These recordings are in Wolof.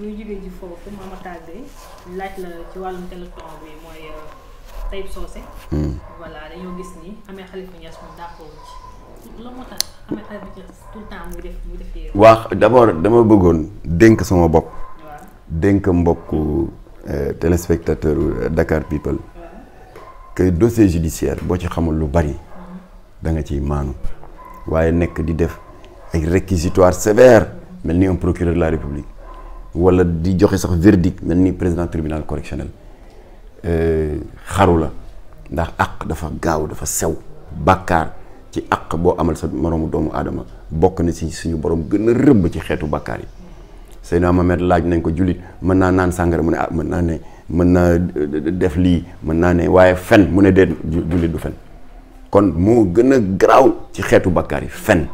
ñu jógee euh, hmm. ni Ahmed Khalifa Niass dama bëggoon dénk sama bopp. dénk mbokku euh, téléspectateur Dakar People. que dossier judiciaire boo ci xamul lu bari. Hmm. danga nga ciy maanu. waaye nekk di def ay réquisitoire sévère mel ni un procureur la République. wala di joxe sax verdict mel ni président tribunal correctionnel euh, xaru la ndax àq dafa gaaw dafa sew bàkkaar ci àq boo amal sa moroomu doomu aadama bokk na si suñu borom gën a rëbb ci xeetu bàkkaar yi Seydina Mohamed laaj nañ ko jullit mën naa naan sàngara mu ne ah mën ne mën naa euh, def lii mën naa ne waaye fen mu ne dee jullit du fen kon moo gën a garaaw ci xeetu bàkkaar yi fen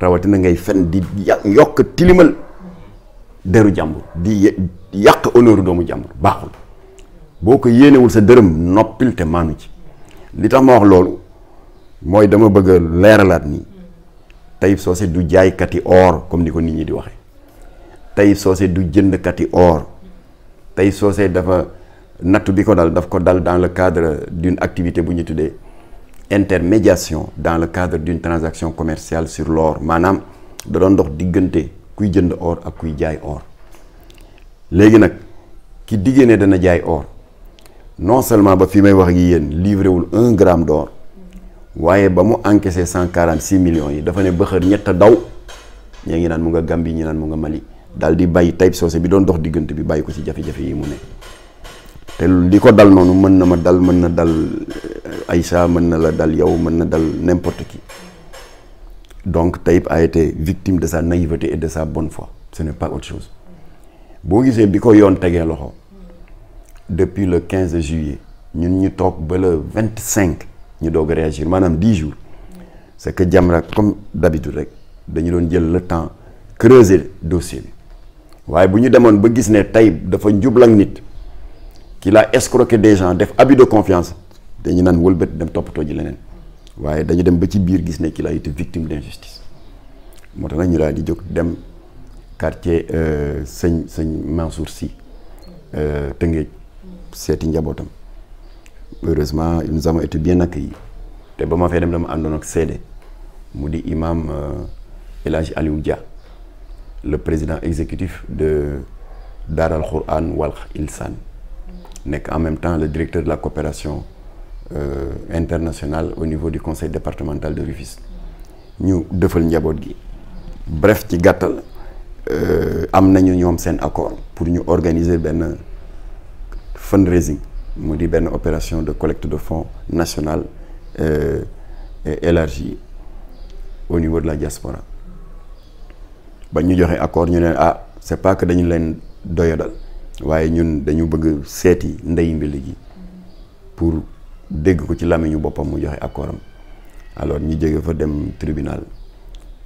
rawatina ngay fen di yokk tilimal deru jàmbur di yàq honneur doomu jàmbur baaxul boo ko yéenewul sa dërëm noppil te maanu ci li tax ma wax loolu mooy dama bëgg a leeralaat ni Taïb Socé du jaaykati or comme ni ko nit ñi di waxee Taïb Socé du jëndkati or Taïb Socé dafa nattu bi ko dal daf ko dal dans le cadre d'une activité bu ñu tuddee intermédiation dans le cadre d'une transaction commerciale sur l'or maanaam da doon dox diggante kuy jënd or ak kuy jaay or léegi nag ki diggée ne dana jaay or non seulement ba fi may wax gi yéen livré wul un gramme d'or waaye ba mu encaissé cent quarante six millions yi dafa ne bëxër ñett a daw ñee ngi naan mu nga Gambie ñi naan mu nga Mali daal di bàyyi Taib Socé bi doon dox diggante bi bàyyi ko ci jafe-jafe yi mu ne te li ko dal noonu mën na ma dal mën na dal eh, Aïcha mën na la dal yow mën na dal n'importe qui donc Taïb a été victime de sa naïveté et de sa bonne foi ce ne pas autre chose boo gisee bi ko yoon tegee loxo depuis le 15 juillet ñun ñu toog ba le cinq ñu doog réagir maanaam dix jours c'est que Jamra comme d'habitude rek dañu doon jël le temps creuser dossier bi waaye bu ñu demoon ba gis ne Taïb dafa njublang nit qu'il a escroqué des gens def abus de confiance dañu naan wëlbët dem toppatoo ji leneen. waaye dañu dem ba ci biir gis ne qu'il a été victime d'injustice moo tax nag ñu daal di jóg dem quartier euh, sëñ sëñ Mansour si euh, Tëngéej seeti njabootam heureusement nous avons été bien accueillis te ba ma fay dem dama àndoon ak seede mu di imam euh, El Hadj Aliou Dia le président exécutif de Daaral Quran Walx Ilsan nekk en même temps le directeur de la coopération Euh, internationale au niveau du conseil départemental de Rufisque ñu dëfal njaboot gi bref ci gàttal euh, am nañu ñoom seen accord pour ñu organiser benn fundraising mu di benn opération de collecte de fonds nationale euh, élargie au niveau de la diaspora ba ñu joxe accord ñu ne ah c'est pas que dañu leen doyadal waaye ñun dañu bëgg seeti ndey mbili gi pour dégg ko ci làmmiñu boppam mu joxe accord am alors ñu jege fa dem tribinal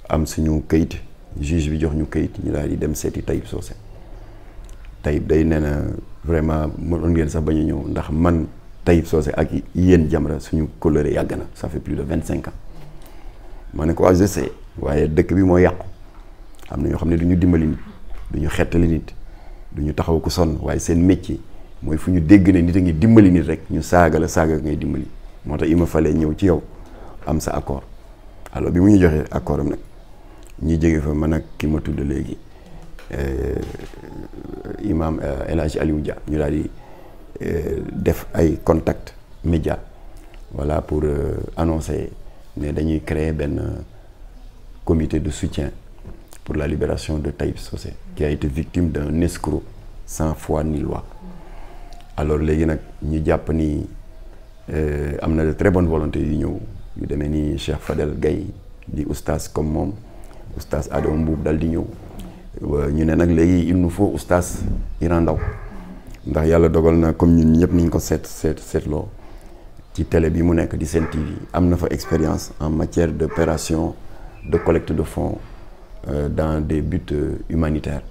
am suñu kayit juge bi jox ñu kayit ñu daal di dem seeti Tayib soose Tayib day nee na vraiment mënoon ngeen sax bañ a ñëw ndax man Tayib soose ak yéen Jamra suñu coloré yàgg na ça fait plus de vingt cinq ans ma ne ko waa ah, je waaye dëkk bi moo yàqu am na ñoo xam ne du dimbali nit du xettali nit du ñu taxaw ku sonn waaye seen métier. mooy fu ñu dégg ne nit a ngi dimbali nit rek ñu saaga la saaga ngay dimbali moo tax il ma fale ñëw ci yow am sa accord alors bi mu ñu joxee accord am nag ñi jege fa man ak ki ma tudd léegi euh, imam euh, El Hadj Aliou Dia ñu daal di euh, def ay contact média voilà pour annoncer ne dañuy créer benn comité de soutien pour la libération de Taïb Socé qui a été victime d'un escroc sans foi ni loi alors léegi nag ñu jàpp ni euh, am na de très bonne volonté yu ñëw yu demee nii Cheikh Fadel Gaye di oustaz comme moom oustaz Adama Mbuub dal di ñëw ñu ne nag léegi il nous faut oustaz Iran Ndaw ndax yàlla dogal na comme ñun ñëpp ñu ko seet seet seetloo ci télé bi mu nekk di Sen TV am na fa expérience en matière d'opération de collecte de fonds euh, dans des buts euh, humanitaires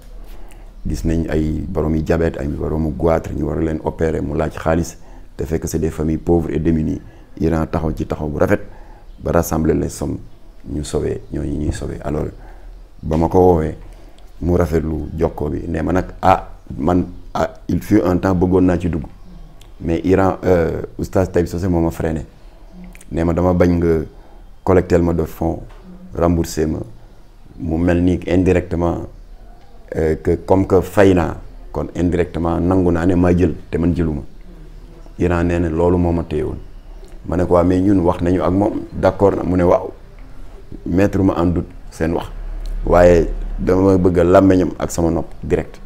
gis nañ ay borom yi diabète ay mu goitre ñu war a leen opérer mu laaj xaalis te fekk c'est des familles pauvres et démunies Iran taxaw ci taxaw bu rafet ba rassembler les sommes ñu sauver ñooñu ñuy sauver alors ba ma ko woowee mu rafet rafetlu jokkoo bi ne ma nag ah man ah il fut un temps bëggoon naa ci dugg mais Iran euh, oustaz Taïb Socé moo ma freiné ne ma dama bañ nga collecteel ma de fonds remboursé ma mu mel ni indirectement Euh, que comme que fay naa kon indirectement nangu naa ne maa jël te man jëluma Iran nee na loolu moo ma téyewoon ma ne ko amee ñun wax nañu ak moom d'accord na mu ne waaw mettre ma en seen wax waaye dama bëgg a làmmeñam ak sama nopp direct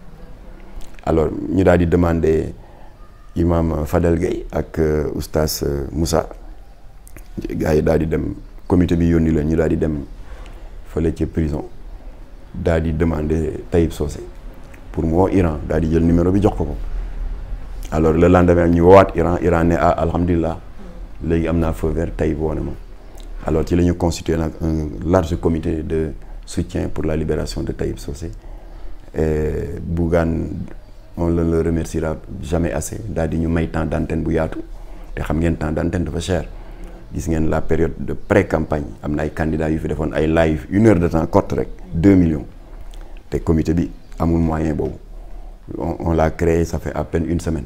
alors ñu daal di demander imam Fadel Gueye ak euh, oustaz euh, Moussa gars yi daal di dem comité bi yónni leen ñu daal di dem fële ci prison daal di demandé Taïb Socé pour mu woo Iran daal di jël numéro bi jox ko ko alors le lendemain ñuy woowaat Iran Iran ne ah alhamdulilah léegi am naa feu vert Taïb woo na alors ci la ñu constitué nag un large comité de soutien pour la libération de Taïb Socé Bougane on ne le remerciera jamais assez daal di ñu may temps d' antenne bu yaatu te xam ngeen temps d' antenne dafa cher. gis ngeen la période de pré-campagne am na ay candidats yu fi defoon ay live une heure de temps courte rek deux millions te comité bi amul moyen boobu on, on l'a créé ça fait à peine une semaine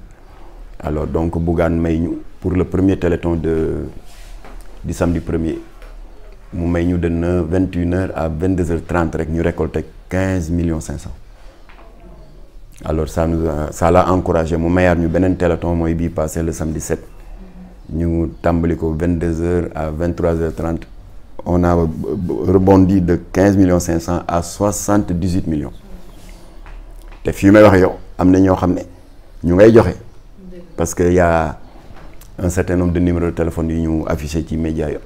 alors donc Bougane may ñu pour le premier téléthon de du samedi premier mu may ñu de neuf vingt une à vingt deux heures trente rek ñu récolté quinze millions cinq cent alors ça nous a, ça l'a encouragé mu mayaat ñu beneen téléthon mooy bii passé le samedi sept ñu tàmbali ko vingt deux heures à vingt trois heures trente on a rebondi de quinze millions cinq cent à soixante dix huit millions te fii may wax yow am na ñoo xam ne ñu ngay joxe parce que y a un certain nombre de numéros de téléphone yu ñu affiché ci média yo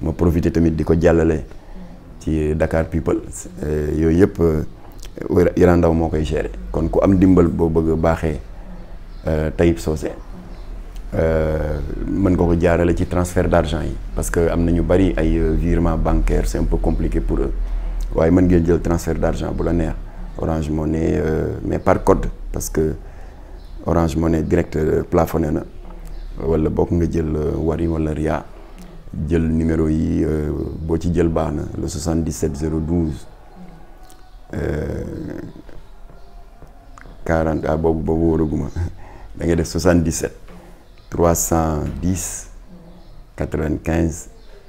ma profité tamit di ko jàllale ci Dakar People euh, yooyu yëpp euh, Iran Ndao moo koy gérer kon ku am dimbal boo bëgg baaxee euh, Taïb Socé Euh, mën nga ko jaarale ci transfert d'argent yi parce que am na ñu bari ay euh, virement bancaire c'est un compliqué pour eux waaye mën ngeen jël transfert d'argent bu la neex Orange ne euh, mais par code parce que Orange Money direct plafone na wala bokk nga jël Wari wala jël numéro yi boo ci jël baax na le 77 012 40 ah boobu boobu wóoraguma da ngay def 77. 310 95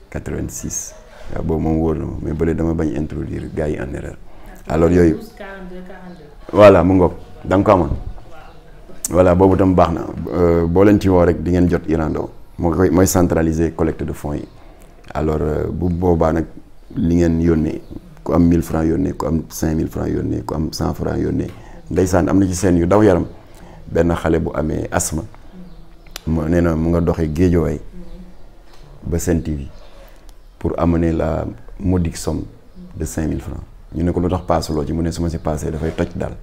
86 waaw boobu moom wóor na ma mais bële dama bañ introduire gars yi en erreur. alors yooyu 42 voilà mu ngoog da ko amoon. voilà boobu tam baax na euh, boo leen ci woo rek di ngeen jot Irando moo koy mooy centraliser collecte de fonds yi alors euh, bu boobaa nag li ngeen yónnee ku am mille francs yónnee ku am 5000 francs yónnee ku am 100 francs yónnee ndeysaan am na ci seen yu daw yaram benn xale bu amee asthme. mu nee na mu nga doxe doxee waay ba Sen TV pour ne la modique som de cinq mille francs ñu ne ko lu tax paasuloo ci mu ne su ma si paasee dafay toj daal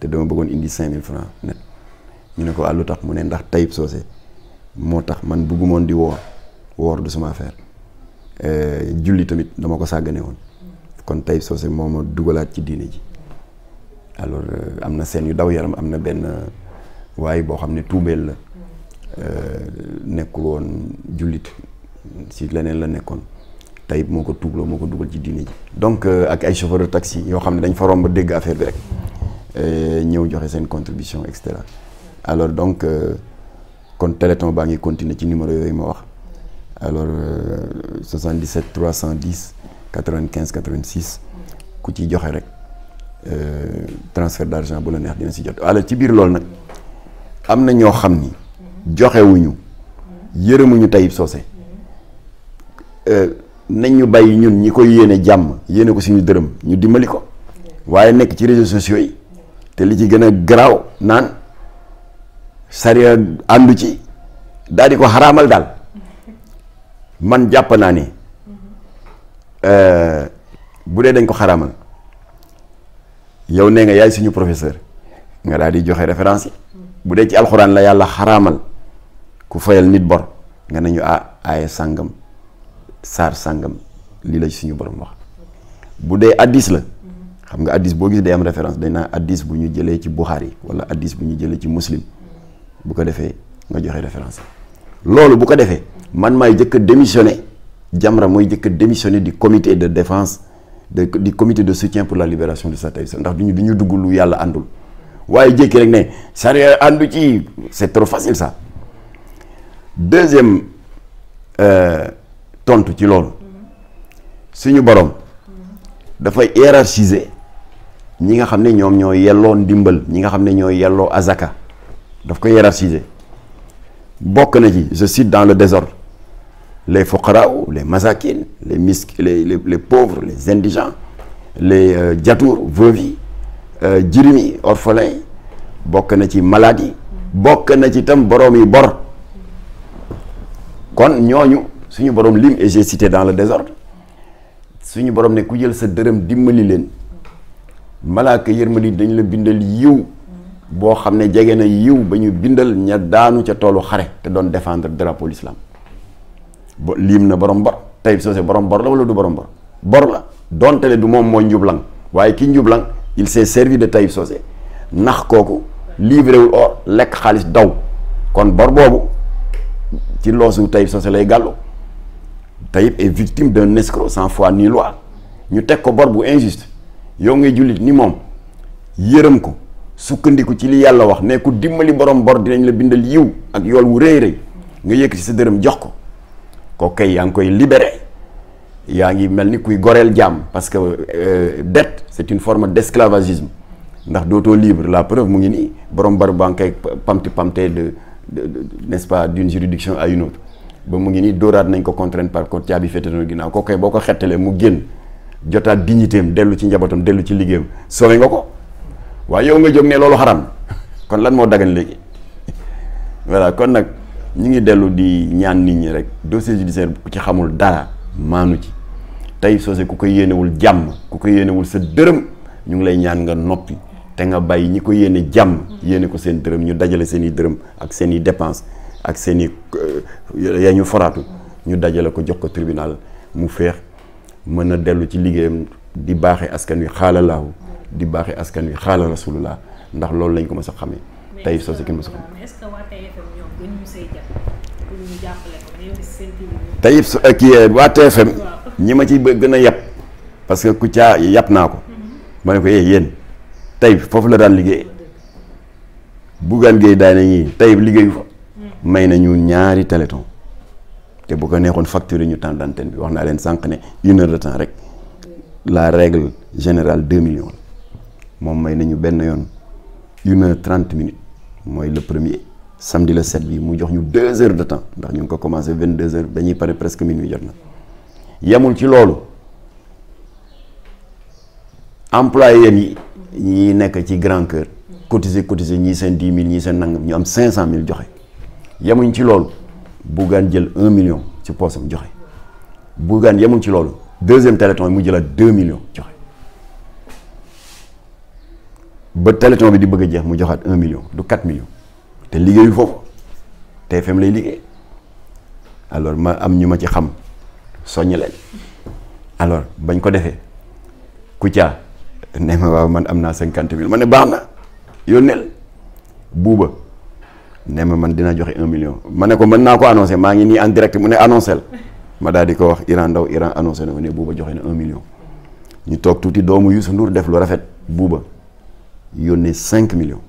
te dama bëggoon indi cinq mille francs net ñu ne ko ah tax mu ne ndax Tayib Socé moo tax man bëggumoon di woor woor du sama affaire euh, julli tamit dama ko sàggane woon kon Tayib soose moo ma dugalaat ci diine ji alors euh, am na seen yu daw yaram am na benn euh, waaye boo xam ne tuubeel la Euh, nekkul woon jullit si leneen la nekkoon tey moo ko tuubloo moo ko dugal ci diine ji. donc euh, ak ay chauffeur de taxi yoo xam ne dañ fa ba dégg affaire bi rek euh, ñëw joxe seen contribution et cetera alors donc kon téléthon baa ngi continuer ci numéro yooyu ma wax alors 77 310 95 86 ku ci joxe rek. transfert d'argent bu la neex dina si jot alors ci biir loolu nag am na ñoo xam ni joxewuñu yërëmuñu Tayib Socé euh, nañ ñu bàyyi ñun ñi koy yéene jàmm yéene ko suñu dërëm ñu dimmali ko waaye nekk ci réseaux sociaux yi te li ci gën a garaaw naan sariya àndu ci daal di ko xaramal daal man jàpp naa ni euh, bu dee dañ ko xaramal yow nee nga yaay suñu professeur nga daal di joxe référence bu dee ci alxuraan la yàlla xaraamal ku fayal nit bor nga nañu ah aaye sàngam saar sàngam lii la suñu borom wax bu dee addis la xam nga addis boo gis dee am référence dañ naan addis bu ñu jëlee ci Buxaari wala addis bu ñu jëlee ci muslim bu ko defee nga joxe référence loolu bu ko defee man maay jëkk a démissionné Jamra mooy jëkk a démissionné du comité de defence de du comité de soutien pour la libération de Satta Wisso ndax duñu du ñu dugg lu yàlla àndul waaye jékki rek ne sare àndu ci c'est trop facile deuxième euh, tontu ci loolu suñu borom dafay hiérarchiser ñi nga xam ne ñoom ñoo yelloo ndimbal ñi nga xam ne ñoo yelloo azaka daf ko hiérarchiser bokk na ci je cite dans le désordre les fuqara les masakin les misk les les les pauvres les indigents les euh, jatour veuves yi euh, jirimi orphelins bokk na ci maladie bokk na ci itam boroom yi bor kon ñooñu suñu borom lim et j'ai cité dans la désordre suñu borom ne ku jël sa dërëm dimbali leen malaaka yërmali dañ la bindal yiw boo xam ne jege na yiw ba ñu bindal ña daanu ca toolu xare te doon defendre drapeau l'islam bo liim na borom bor Taïb Socé borom bor la wala du borom bor bor la doontele bi moom mooy njublan waaye ki njublang il s'est servi de Taïb Socé nax kooku livré or lekk xaalis daw kon bor boobu ci loosu Taïb Socé lay gàllu Taïb est victime d'un escroc sans fois ni loi ñu teg ko bor bu injuste yow ngay jullit ni moom yërëm ko sukkandiku ci li yàlla wax ne ku dimbali borom bor dinañ la bindal yiw ak yool wu rëy rëy nga ci sa dërëm jox ko ko yaa ngi koy libéré yaa ngi mel ni kuy goreel jàmm parce que euh, dette c'est une forme d'esclavagisme ndax dootoo libre la preuve mu ngi nii borom bor baa ngi koy pamti pamte n'est-ce pas d'une juridiction ay une autre ba mu ngi nii dooraat nañ ko contrainte par corps caabi féete na ginnaaw kooku boo ko xettalee mu génn jotaat dignitéem dellu ci njabootam dellu ci liggéeyam sowe nga ko waaye yow nga jóg ne loolu xaram kon lan moo dagan léegi voilà kon nag ñu ngi dellu di ñaan nit ñi rek dossier judiciaire ku ci xamul dara maanu ci tey soose ku ko yéenewul jàmm ku ko yéenewul sa dërëm ñu ngi lay ñaan nga noppi te nga bàyyi ñi ko yéene jàmm yéene ko seen dërëm ñu dajale seeni dërëm ak seeni i dépense ak seeni i euh, ya ñu foraatu ñu dajale ko jox ko tribunal mu feex mën a dellu ci liggéeyam di baaxe askan wi xaala laahu di baaxee askan wi xaala rasulullah ndax loolu lañ ko ma a xamee tey soo si su euh, kii euh, waa TFM ñi ma ci gën a yàpp parce que ku caa yàpp naa ko mm-hmm. ma ne ko eh, yéen. Taïb foofu la daan liggéey Bougane Gueye daane ñi Taïb liggéeyu fa may nañu ñaari téléthon te bu ko neexoon facture ñu temps d'antenne bi wax naa leen sànq ne une heure de temps rek la règle générale deux millions la moom may nañu benn yoon une heure trente minutes mooy le premier samedi le sept bi mu jox ñu deux heures de temps ndax ñu ngi ko commencé vingt deux heures dañuy pare presque minuit jot na yemul ci loolu employé yi ñi nekk ci grand cœur cotiser cotiser ñii seen dix mille ñii seen nangam ñu am cinq cent mille joxe yemuñ ci loolu Bougane jël un million ci poosam joxe Bougane yemuñ ci loolu deuxième téléthon mu jëlaat deux millions joxe ba téléthon bi di bëgg jeex mu joxaat un million du quatre millions te liggéeyu foofu te TFM lay liggéey alors ma am ñu ma ci xam soññ leen alors bañ ko defee Kouthia ne ma waaw man am naa cinquante mille ma ne baax na yónneel buuba ne ma man dina joxe un million ma ne ko mën naa ko annoncé maa ngi nii en direct mu ne annoncé ma daal di ko wax Iran Ndaw Iran annoncé na ko ne buuba joxe na un million ñu toog tuuti doomu Youssou Ndour def lu rafet buuba yónnee cinq millions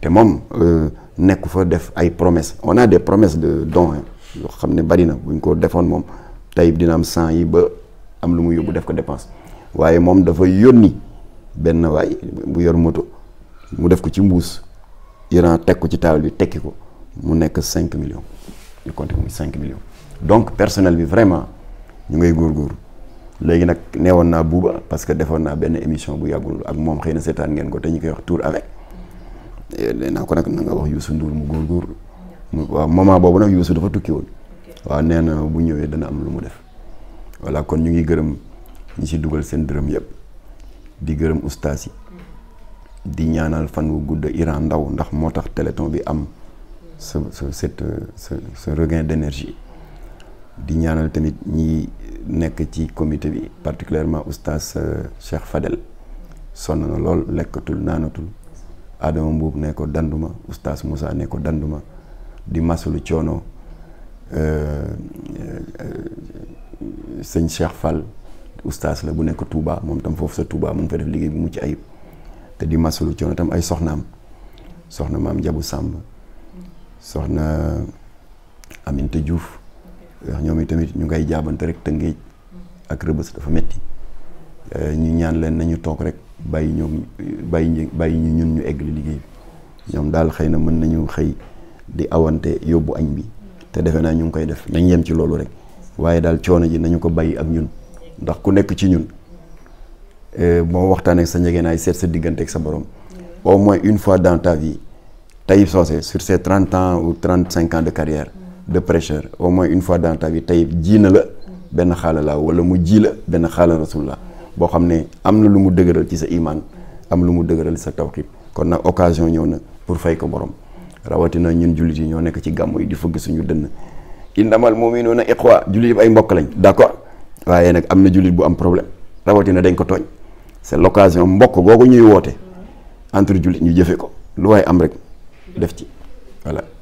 te moom euh, nekku fa def ay promesses on a des promesses de dons yoo xam ne bari na buñ koo defoon moom tey dina am cent yi ba am lu mu yóbbu def ko dépense waaye moom dafa yónni benn waay bu yor moto mu def ko ci mbuus Iran teg ko ci taabal bi tekki ko mu nekk cinq millions ñu compté ko muy cinq millions donc personnel bi vraiment ñu ngay góor léegi nag neewoon naa buuba parce que defoon naa benn émission bu yàggul ak moom xëy na seetaan ngeen ko te ñu koy wax tour avec eh, nee naa ko nag na nga wax Youssou Ndour mu góorgóorlu waaw moment boobu nag Youssou dafa tukki woon waaw nee na bu ñëwee dana am lu mu def voilà kon ñu ngi gërëm ñi ci dugal seen dërëm yëpp di gërëm ustaas yi di ñaanal fan wu gudd Iran ndaw ndax moo tax téléthon bi am sa sa cette sa sa d'énergie di ñaanal tamit ñi nekk ci comité bi particulièrement ustaas euh, Cheikh Fadel sonn na lool lekkatul naanatul Adama Mbuub ne ko danduma ustaas Moussa ne ko danduma di masalu coono euh, euh, sëñ Cheikh fal ustaas la bu nekk Touba moom tam foofu sa Touba mu ngi fa def liggéey mu mucc ayib te di masalu coono tam ay soxnaam soxna maam Jabu Sàmb soxna Aminta Diouf wax ñoom itamit ñu ngay jaabante rek tëngéej ak rëbës dafa metti eh, ñu ñaan leen nañu toog rek bàyyi ñoom bàyyi bàyyi ñu ñun ñu egg liggéey ñoom daal xëy na mën nañu xëy di awante yóbbu añ bi te defe naa ñu ngi koy def nañ yem ci loolu rek waaye daal coono ji nañu ko bàyyi ak ñun ndax ku nekk ci ñun eh, boo waxtaan ak sa njëgeenaay seet sa diggante ak sa borom mm. au moins une fois dans ta vie Taïb Socé sur ses trente ans ou trente cinq ans de carrière mm. de prêcheur au moins une fois dans yi vie Taïb ji na la benn xaala laa wala mu ji la benn xaala rasulullah boo xam ne am na lu mu dëgëral ci sa imaan am lu mu dëgëral sa tawxiid kon nag occasion ñëw na pour fay ko borom rawatina ñun jullit yi ñoo nekk ci gàmmu yi di fëgg suñu dënn i mu'minuuna ixwa jullit yi ay mbokk lañ d'accord waaye nag am na jullit bu am problème rawatina dañ ko tooñ c'est l'occasion mbokk googu ñuy woote entre jullit ñu jëfe ko lu waaye am rek def ci voilà